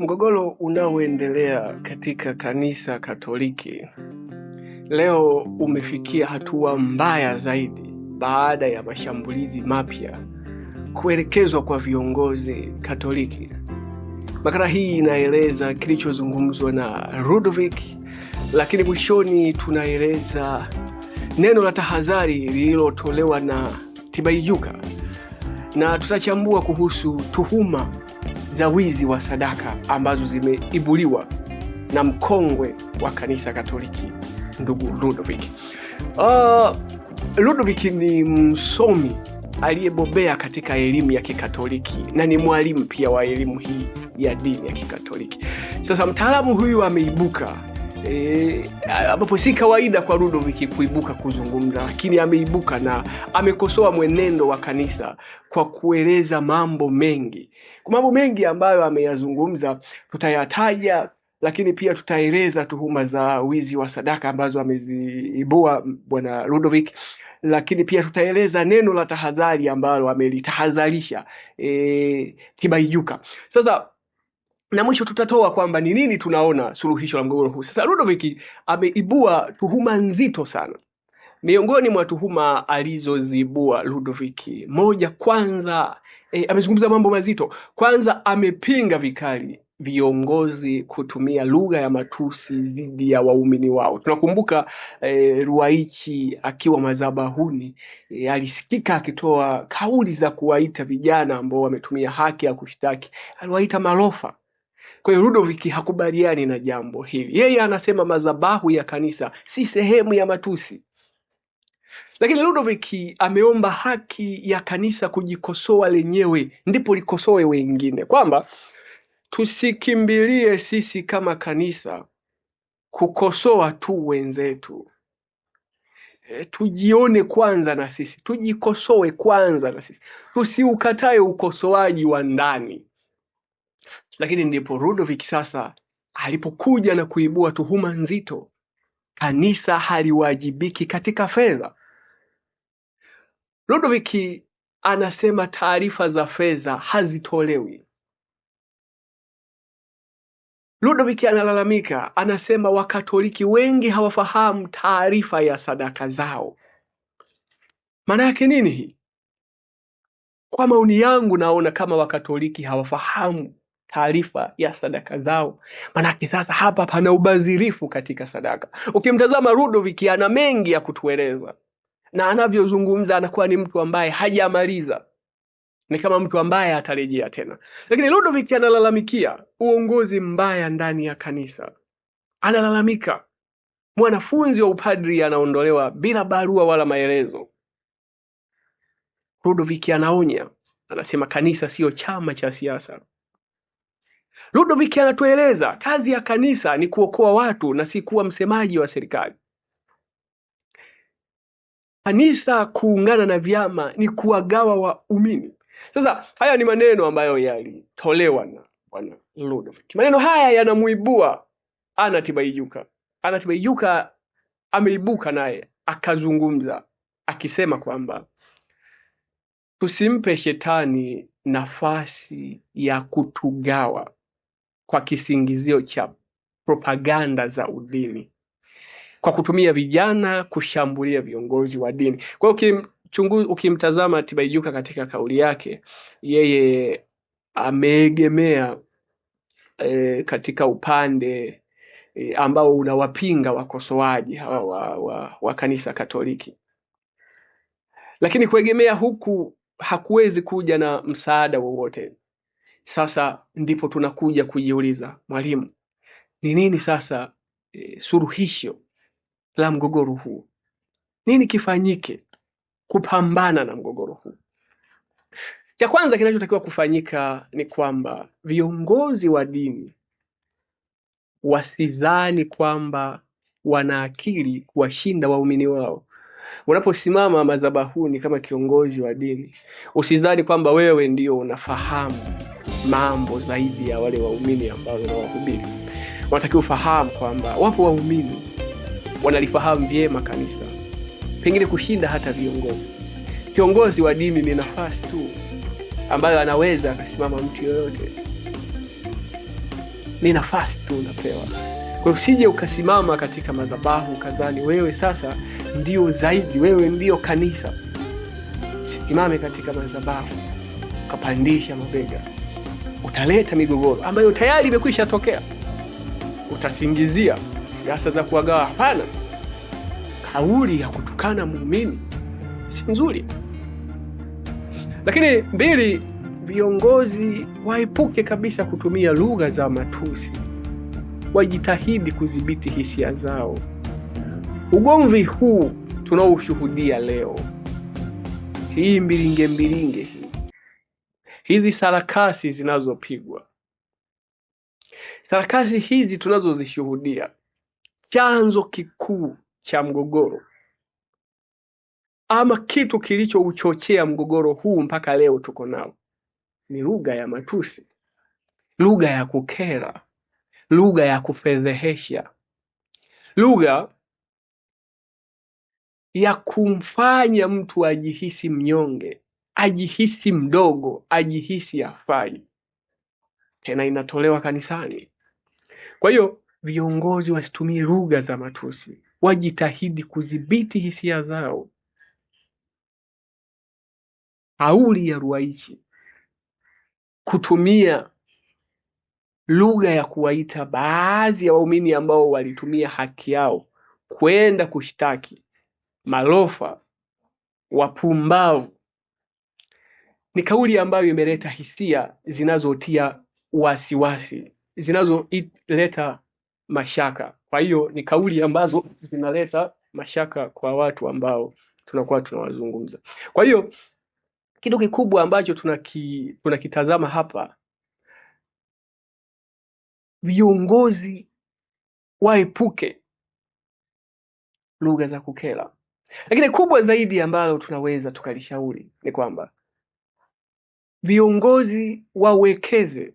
Mgogoro unaoendelea katika Kanisa Katoliki leo umefikia hatua mbaya zaidi baada ya mashambulizi mapya kuelekezwa kwa viongozi Katoliki. Makala hii inaeleza kilichozungumzwa na Ludovic, lakini mwishoni tunaeleza neno la tahadhari lililotolewa na Tibaijuka na tutachambua kuhusu tuhuma za wizi wa sadaka ambazo zimeibuliwa na mkongwe wa kanisa Katoliki ndugu Ludovick. Uh, ah, Ludovick ni msomi aliyebobea katika elimu ya Kikatoliki na ni mwalimu pia wa elimu hii ya dini ya Kikatoliki. Sasa mtaalamu huyu ameibuka e, ambapo si kawaida kwa Ludovic kuibuka kuzungumza, lakini ameibuka na amekosoa mwenendo wa kanisa kwa kueleza mambo mengi. Kwa mambo mengi ambayo ameyazungumza tutayataja, lakini pia tutaeleza tuhuma za wizi wa sadaka ambazo ameziibua bwana Ludovic lakini pia tutaeleza neno la tahadhari ambalo amelitahadharisha e, Tibaijuka. Sasa na mwisho tutatoa kwamba ni nini tunaona suluhisho la mgogoro huu. Sasa Ludovic ameibua tuhuma nzito sana. Miongoni mwa tuhuma alizozibua Ludovic, moja kwanza, e, amezungumza mambo mazito. Kwanza amepinga vikali viongozi kutumia lugha ya matusi dhidi ya waumini wao. Tunakumbuka e, Ruwaichi akiwa madhabahuni e, alisikika akitoa kauli za kuwaita vijana ambao wametumia haki ya kushtaki, aliwaita malofa. Kwa hiyo Ludovick hakubaliani na jambo hili. Yeye anasema madhabahu ya kanisa si sehemu ya matusi. Lakini Ludovick ameomba haki ya kanisa kujikosoa lenyewe ndipo likosoe wengine, kwamba tusikimbilie sisi kama kanisa kukosoa tu wenzetu. E, tujione kwanza na sisi, tujikosoe kwanza na sisi, tusiukatae ukosoaji wa ndani. Lakini ndipo Ludovick sasa alipokuja na kuibua tuhuma nzito kanisa haliwajibiki katika fedha. Ludovick anasema taarifa za fedha hazitolewi. Ludovick analalamika, anasema Wakatoliki wengi hawafahamu taarifa ya sadaka zao. Maana yake nini hii? Kwa maoni yangu, naona kama Wakatoliki hawafahamu taarifa ya sadaka zao. manake sasa hapa pana ubadhirifu katika sadaka. Ukimtazama Ludovick ana mengi ya kutueleza, na anavyozungumza anakuwa ni mtu ambaye hajamaliza, ni kama mtu ambaye atarejea tena. Lakini Ludovick analalamikia uongozi mbaya ndani ya kanisa, analalamika mwanafunzi wa upadri anaondolewa bila barua wala maelezo. Ludovick anaonya, anasema kanisa siyo chama cha siasa. Ludovick anatueleza kazi ya kanisa ni kuokoa watu na si kuwa msemaji wa serikali. Kanisa kuungana na vyama ni kuwagawa waumini. Sasa haya ni maneno ambayo yalitolewa na bwana Ludovick. Maneno haya yanamuibua Anna Tibaijuka. Anna Tibaijuka ameibuka naye akazungumza akisema kwamba tusimpe shetani nafasi ya kutugawa kwa kisingizio cha propaganda za udini kwa kutumia vijana kushambulia viongozi wa dini. Kwa hiyo ukimtazama Tibaijuka katika kauli yake, yeye ameegemea e, katika upande e, ambao unawapinga wakosoaji hawa wa, wa, wa kanisa Katoliki, lakini kuegemea huku hakuwezi kuja na msaada wowote sasa ndipo tunakuja kujiuliza, mwalimu, ni nini sasa e, suluhisho la mgogoro huu? Nini kifanyike kupambana na mgogoro huu? Cha kwanza kinachotakiwa kufanyika ni kwamba viongozi wa dini wasidhani kwamba wana akili kuwashinda waumini wao. Unaposimama madhabahuni kama kiongozi wa dini, usidhani kwamba wewe ndio unafahamu mambo zaidi ya wale waumini ambao nawahubiri. Wanatakiwa ufahamu kwamba wapo waumini wanalifahamu vyema kanisa, pengine kushinda hata viongozi. Kiongozi wa dini ni nafasi tu ambayo anaweza akasimama mtu yoyote, ni nafasi tu unapewa. Kwa hiyo usije ukasimama katika madhabahu kazani, wewe sasa ndio zaidi, wewe ndio kanisa. Simame katika madhabahu, ukapandisha mabega utaleta migogoro ambayo tayari imekwisha tokea. Utasingizia siasa za kuwagawa? Hapana. Kauli ya kutukana muumini si nzuri. Lakini mbili, viongozi waepuke kabisa kutumia lugha za matusi, wajitahidi kudhibiti hisia zao. Ugomvi huu tunaoshuhudia leo, hii mbilinge mbilinge hizi sarakasi zinazopigwa, sarakasi hizi tunazozishuhudia, chanzo kikuu cha mgogoro ama kitu kilichouchochea mgogoro huu mpaka leo tuko nao ni lugha ya matusi, lugha ya kukera, lugha ya kufedhehesha, lugha ya kumfanya mtu ajihisi mnyonge, ajihisi mdogo, ajihisi hafai, tena inatolewa kanisani. Kwa hiyo viongozi wasitumie lugha za matusi, wajitahidi kudhibiti hisia zao. Kauli ya ruwaichi kutumia lugha ya kuwaita baadhi ya waumini ambao walitumia haki yao kwenda kushtaki malofa, wapumbavu ni kauli ambayo imeleta hisia zinazotia wasiwasi, zinazoleta mashaka. Kwa hiyo ni kauli ambazo zinaleta mashaka kwa watu ambao tunakuwa tunawazungumza. Kwa hiyo kitu kikubwa ambacho tunaki, tunakitazama hapa, viongozi waepuke lugha za kukela lakini kubwa zaidi ambalo tunaweza tukalishauri ni kwamba viongozi wawekeze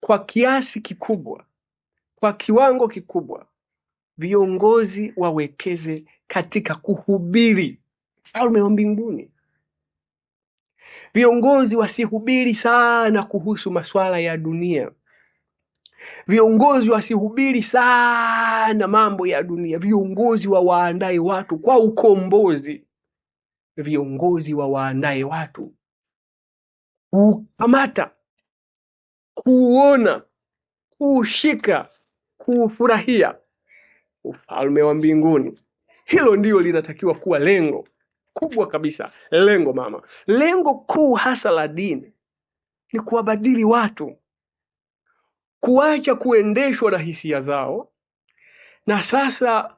kwa kiasi kikubwa kwa kiwango kikubwa viongozi wawekeze katika kuhubiri ufalme wa mbinguni viongozi wasihubiri sana kuhusu masuala ya dunia viongozi wasihubiri sana mambo ya dunia viongozi wawaandae watu kwa ukombozi viongozi wawaandae watu kuukamata, kuuona, kuushika, kuufurahia ufalme wa mbinguni. Hilo ndio linatakiwa kuwa lengo kubwa kabisa, lengo mama, lengo kuu hasa la dini ni kuwabadili watu, kuacha kuendeshwa na hisia zao, na sasa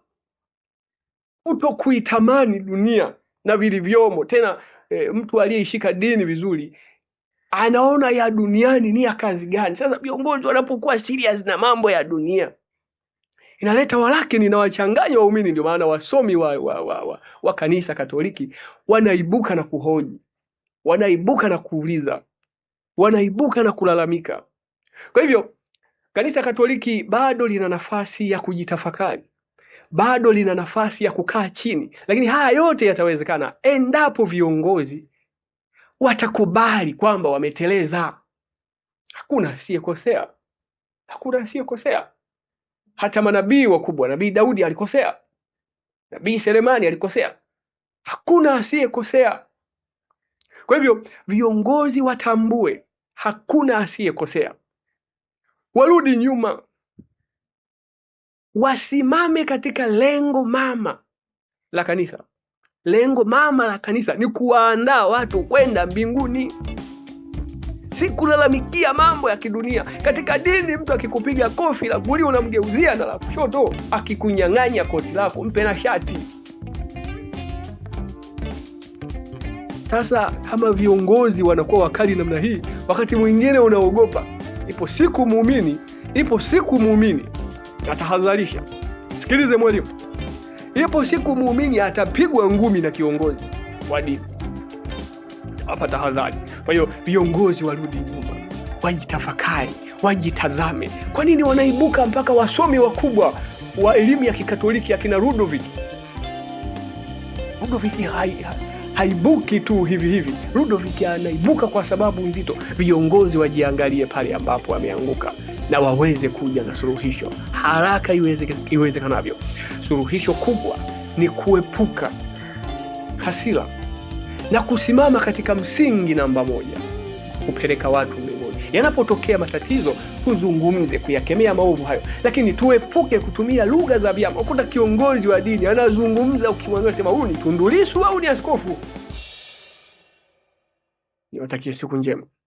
kuto kuitamani dunia na vilivyomo. Tena e, mtu aliyeishika dini vizuri anaona ya duniani ni ya kazi gani. Sasa viongozi wanapokuwa serious na mambo ya dunia inaleta walakini na wachanganya waumini. Ndio maana wasomi wa, wa, wa, wa, wa kanisa Katoliki wanaibuka na kuhoji, wanaibuka na kuuliza, wanaibuka na kulalamika. Kwa hivyo kanisa Katoliki bado lina nafasi ya kujitafakari, bado lina nafasi ya kukaa chini, lakini haya yote yatawezekana endapo viongozi watakubali kwamba wameteleza. Hakuna asiyekosea, hakuna asiyekosea. Hata manabii wakubwa, nabii Daudi alikosea, nabii Selemani alikosea, hakuna asiyekosea. Kwa hivyo viongozi watambue, hakuna asiyekosea, warudi nyuma, wasimame katika lengo mama la kanisa Lengo mama la kanisa ni kuwaandaa watu kwenda mbinguni, si kulalamikia mambo ya kidunia. Katika dini, mtu akikupiga kofi la kulia unamgeuzia na la kushoto, akikunyang'anya koti lako mpe na shati. Sasa kama viongozi wanakuwa wakali namna hii, wakati mwingine unaogopa. Ipo siku muumini, ipo siku muumini. Natahadharisha, sikilize mwalimu. Ipo siku muumini atapigwa ngumi na kiongozi wa dini. Hapa tahadhari. Kwa hiyo viongozi warudi nyuma, wajitafakari, wajitazame. Kwa nini wanaibuka mpaka wasomi wakubwa wa elimu ya Kikatoliki akina Ludovic? Ludovic hai haibuki tu hivi hivi. Ludovic anaibuka kwa sababu nzito. Viongozi wajiangalie pale ambapo wameanguka na waweze kuja na suluhisho haraka iwezekanavyo suluhisho kubwa ni kuepuka hasira na kusimama katika msingi namba moja, kupeleka watu mbinguni. Yanapotokea matatizo, tuzungumze kuyakemea maovu hayo, lakini tuepuke kutumia lugha za vyama. Ukuta kiongozi wa dini anazungumza, ukimwambia sema huyu ni tundulisu au ni askofu. Niwatakie siku njema.